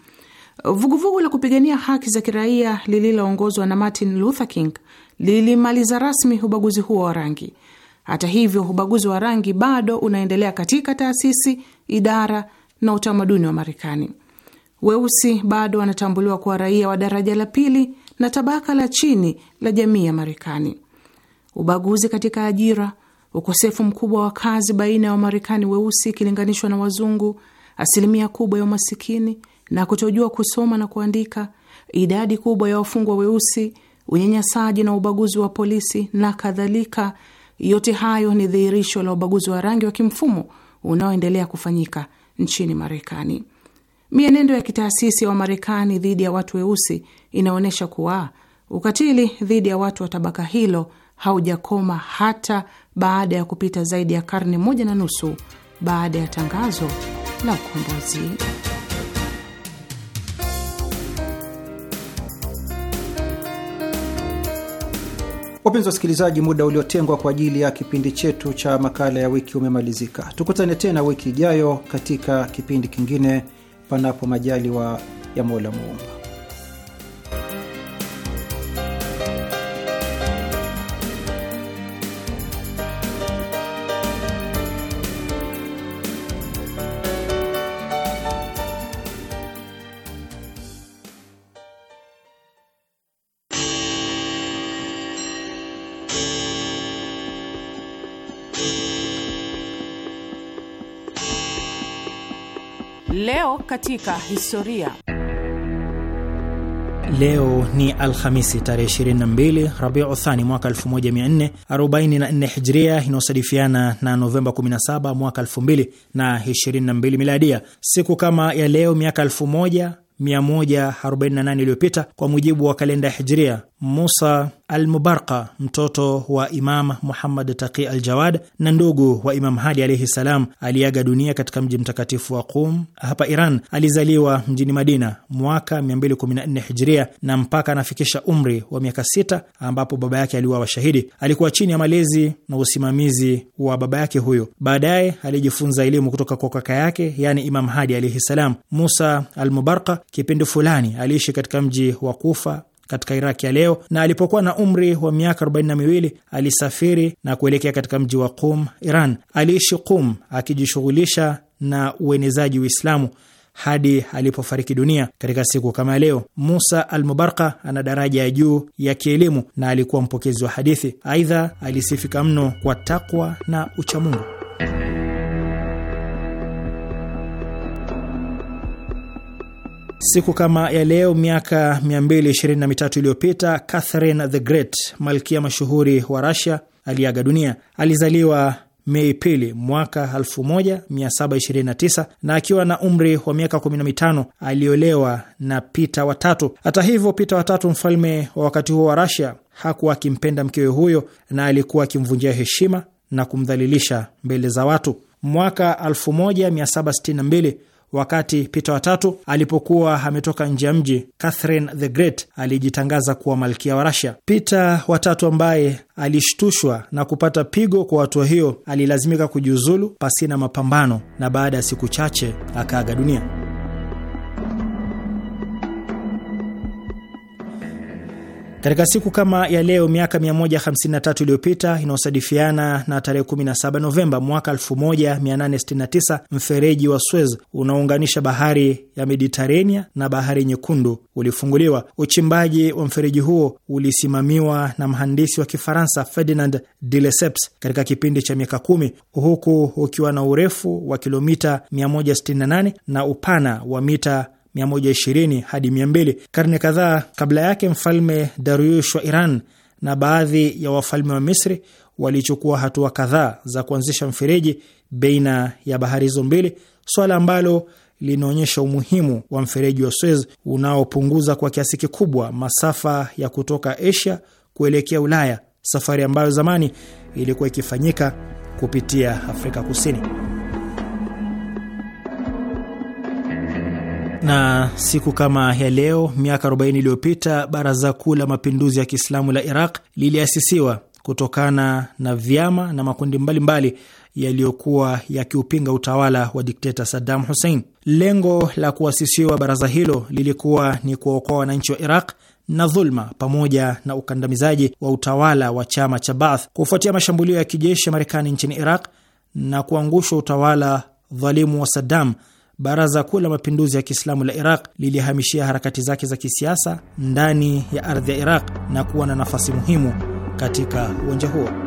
Vuguvugu la kupigania haki za kiraia lililoongozwa na Martin Luther King lilimaliza rasmi ubaguzi huo wa rangi. Hata hivyo, ubaguzi wa rangi bado unaendelea katika taasisi, idara na utamaduni wa Marekani. Weusi bado wanatambuliwa kuwa raia wa daraja la pili na tabaka la chini la jamii ya Marekani. Ubaguzi katika ajira, ukosefu mkubwa wa kazi baina ya Wamarekani weusi ikilinganishwa na wazungu, asilimia kubwa ya umasikini na kutojua kusoma na kuandika, idadi kubwa ya wafungwa weusi, unyanyasaji na ubaguzi wa polisi na kadhalika yote hayo ni dhihirisho la ubaguzi wa rangi wa kimfumo unaoendelea kufanyika nchini Marekani. Mienendo ya kitaasisi ya Wamarekani dhidi ya watu weusi inaonyesha kuwa ukatili dhidi ya watu wa tabaka hilo haujakoma hata baada ya kupita zaidi ya karne moja na nusu baada ya tangazo la ukombozi. Wapenzi wasikilizaji, muda uliotengwa kwa ajili ya kipindi chetu cha makala ya wiki umemalizika. Tukutane tena wiki ijayo katika kipindi kingine, panapo majaliwa ya Mola Muumba. katika historia. Leo ni Alhamisi tarehe 22 Rabiu Thani mwaka 1444 Hijria, inayosadifiana na Novemba 17 mwaka 2022 Miladia. Siku kama ya leo miaka 1148 iliyopita kwa mujibu wa kalenda ya Hijria, Musa Almubarka, mtoto wa Imam Muhammad Taqi al Jawad na ndugu wa Imam Hadi alaihi salam, aliaga dunia katika mji mtakatifu wa Qum hapa Iran. Alizaliwa mjini Madina mwaka 214 Hijria na mpaka anafikisha umri wa miaka sita ambapo baba yake aliuawa shahidi. Alikuwa chini ya malezi na usimamizi wa baba yake huyo. Baadaye alijifunza elimu kutoka kwa kaka yake, yani Imam Hadi alaihi salam. Musa Almubarka kipindi fulani aliishi katika mji wa Kufa katika Iraq ya leo, na alipokuwa na umri wa miaka 42 alisafiri na kuelekea katika mji wa Qum, Iran. Aliishi Qum akijishughulisha na uenezaji Uislamu hadi alipofariki dunia katika siku kama leo. Musa Almubarka ana daraja ya juu ya kielimu na alikuwa mpokezi wa hadithi. Aidha, alisifika mno kwa takwa na uchamungu. Siku kama ya leo miaka 223 iliyopita Catherine the Great, malkia mashuhuri wa Russia, aliaga dunia. Alizaliwa Mei pili mwaka 1729 na akiwa na umri wa miaka 15 aliolewa na Pita watatu. Hata hivyo, Pita watatu mfalme wa wakati huo wa Rasia hakuwa akimpenda mkewe huyo na alikuwa akimvunjia heshima na kumdhalilisha mbele za watu. Mwaka Wakati Pita watatu alipokuwa ametoka nje ya mji, Catherine the Great alijitangaza kuwa malkia wa Rasia. Pita watatu ambaye alishtushwa na kupata pigo kwa hatua hiyo, alilazimika kujiuzulu pasina mapambano, na baada ya siku chache akaaga dunia. Katika siku kama ya leo miaka 153 iliyopita inayosadifiana na tarehe 17 Novemba mwaka 1869, mfereji wa Suez unaounganisha bahari ya Mediterania na bahari Nyekundu ulifunguliwa. Uchimbaji wa mfereji huo ulisimamiwa na mhandisi wa Kifaransa Ferdinand de Lesseps katika kipindi cha miaka kumi, huku ukiwa na urefu wa kilomita 168 na upana wa mita 120 hadi 200. Karne kadhaa kabla yake, mfalme Dariush wa Iran na baadhi ya wafalme wa Misri walichukua hatua kadhaa za kuanzisha mfereji baina ya bahari hizo mbili, swala ambalo linaonyesha umuhimu wa mfereji wa Suez unaopunguza kwa kiasi kikubwa masafa ya kutoka Asia kuelekea Ulaya, safari ambayo zamani ilikuwa ikifanyika kupitia Afrika Kusini. na siku kama ya leo miaka 40 iliyopita Baraza Kuu la Mapinduzi ya Kiislamu la Iraq liliasisiwa kutokana na vyama na makundi mbalimbali yaliyokuwa yakiupinga utawala wa dikteta Saddam Hussein. Lengo la kuasisiwa baraza hilo lilikuwa ni kuwaokoa wananchi wa Iraq na dhulma pamoja na ukandamizaji wa utawala wa chama cha Baath kufuatia mashambulio ya kijeshi ya Marekani nchini Iraq na kuangushwa utawala dhalimu wa Saddam. Baraza Kuu la Mapinduzi ya Kiislamu la Iraq lilihamishia harakati zake za kisiasa ndani ya ardhi ya Iraq na kuwa na nafasi muhimu katika uwanja huo.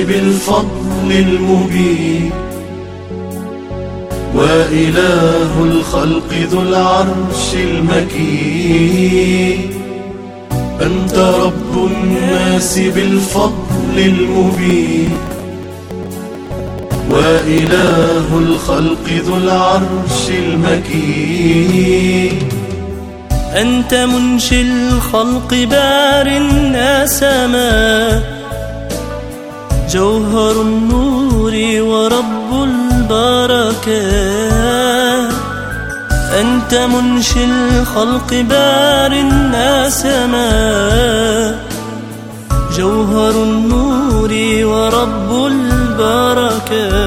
بالفضل المبين وإله الخلق ذو العرش المكين أنت رب الناس بالفضل المبين وإله الخلق ذو العرش المكين أنت منشي الخلق بار الناس ما جوهر النور ورب البركات أنت منشي الخلق بار سماء جوهر النور ورب البركات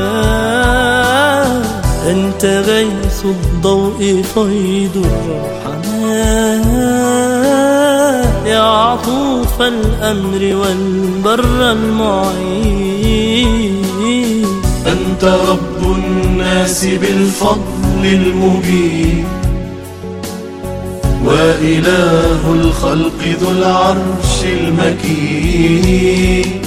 أنت غيث الضوء فيض الرحمن عطوف الأمر والبر المعين أنت رب الناس بالفضل المبين وإله الخلق ذو العرش المكين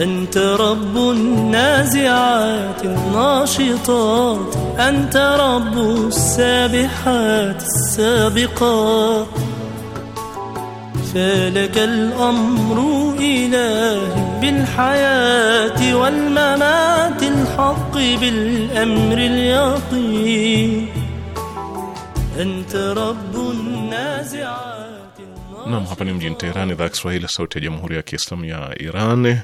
أنت رب النازعات الناشطات أنت رب السابحات السابقات فلك الأمر إلهي بالحياة والممات الحق بالأمر اليقين أنت رب النازعات. نعم hapa ni mjini Teherani, idhaa ya Kiswahili, sauti ya jamhuri ya kiislamu ya Iran.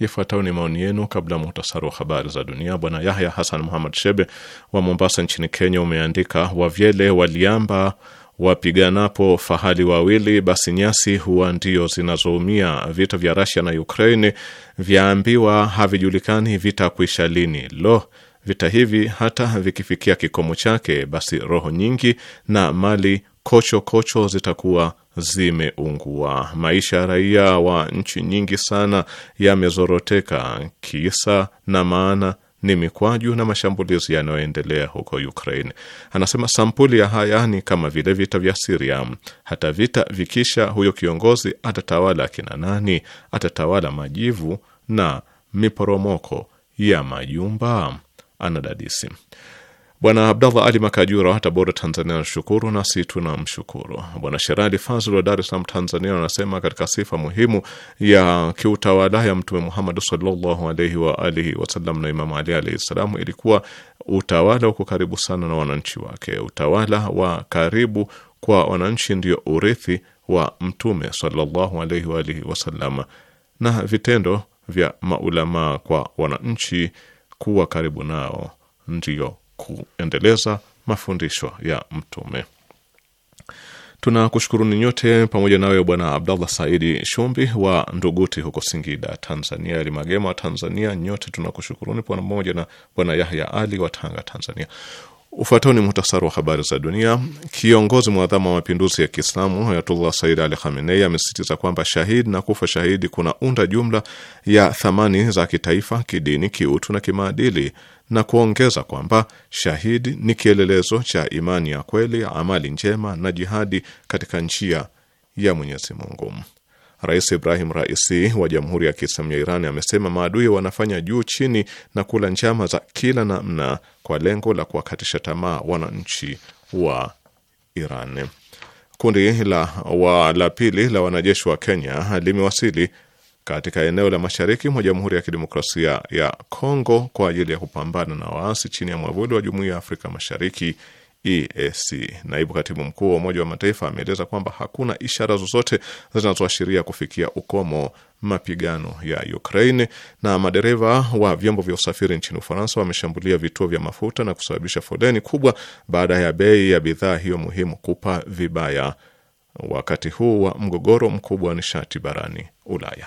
Yafuatayo ni maoni yenu kabla ya muhtasari wa habari za dunia. Bwana Yahya Hasan Muhamad Shebe wa Mombasa nchini Kenya umeandika, wavyele waliamba wapiganapo fahali wawili basi nyasi huwa ndio zinazoumia. Vita vya rasia na ukraini vyaambiwa havijulikani vitakwisha lini. Lo, vita hivi hata vikifikia kikomo chake, basi roho nyingi na mali kocho kocho zitakuwa zimeungua. Maisha ya raia wa nchi nyingi sana yamezoroteka. Kisa na maana ni mikwaju na mashambulizi yanayoendelea huko Ukraine. Anasema sampuli ya haya ni kama vile vita vya Siria. Hata vita vikisha, huyo kiongozi atatawala akina nani? Atatawala majivu na miporomoko ya majumba, anadadisi. Bwana Abdallah Ali Makajura Tabora, Tanzania anashukuru, nasi tunamshukuru. Bwana Sherali Fazl wa Dar es Salaam, Tanzania anasema katika sifa muhimu ya kiutawala ya Mtume Muhammad sallallahu alaihi wa alihi wasallam na Imamu Ali alaihi salam ilikuwa utawala uko karibu sana na wananchi wake. Utawala wa karibu kwa wananchi ndio urithi wa Mtume sallallahu alaihi wa alihi wasallam, na vitendo vya maulamaa kwa wananchi kuwa karibu nao ndio kuendeleza mafundisho ya Mtume. Tunakushukuruni nyote pamoja nawe Bwana Abdallah Saidi Shumbi wa Nduguti huko Singida, Tanzania, Ali Magema wa Tanzania. Nyote tunakushukuruni pamoja na Bwana Yahya Ali wa Tanga, Tanzania. Ufuatao ni muhtasari wa habari za dunia. Kiongozi mwadhama wa mapinduzi ya Kiislamu Ayatullah Said Ali Khamenei amesisitiza kwamba shahidi na kufa shahidi kuna unda jumla ya thamani za kitaifa, kidini, kiutu na kimaadili na kuongeza kwamba shahidi ni kielelezo cha imani ya kweli, amali njema na jihadi katika njia ya Mwenyezi Mungu. Rais Ibrahim Raisi wa Jamhuri ya Kiislamu ya Iran amesema maadui wanafanya juu chini na kula njama za kila namna kwa lengo la kuwakatisha tamaa wananchi wa Iran. Kundi la, wa, la pili la wanajeshi wa Kenya limewasili katika eneo la mashariki mwa Jamhuri ya Kidemokrasia ya Kongo kwa ajili ya kupambana na waasi chini ya mwavuli wa Jumuiya ya Afrika Mashariki EAC. Naibu katibu mkuu wa Umoja wa Mataifa ameeleza kwamba hakuna ishara zozote zinazoashiria kufikia ukomo mapigano ya Ukraine. Na madereva wa vyombo vya usafiri nchini Ufaransa wameshambulia vituo vya mafuta na kusababisha foleni kubwa baada ya bei ya bidhaa hiyo muhimu kupa vibaya wakati huu wa mgogoro mkubwa wa nishati barani Ulaya.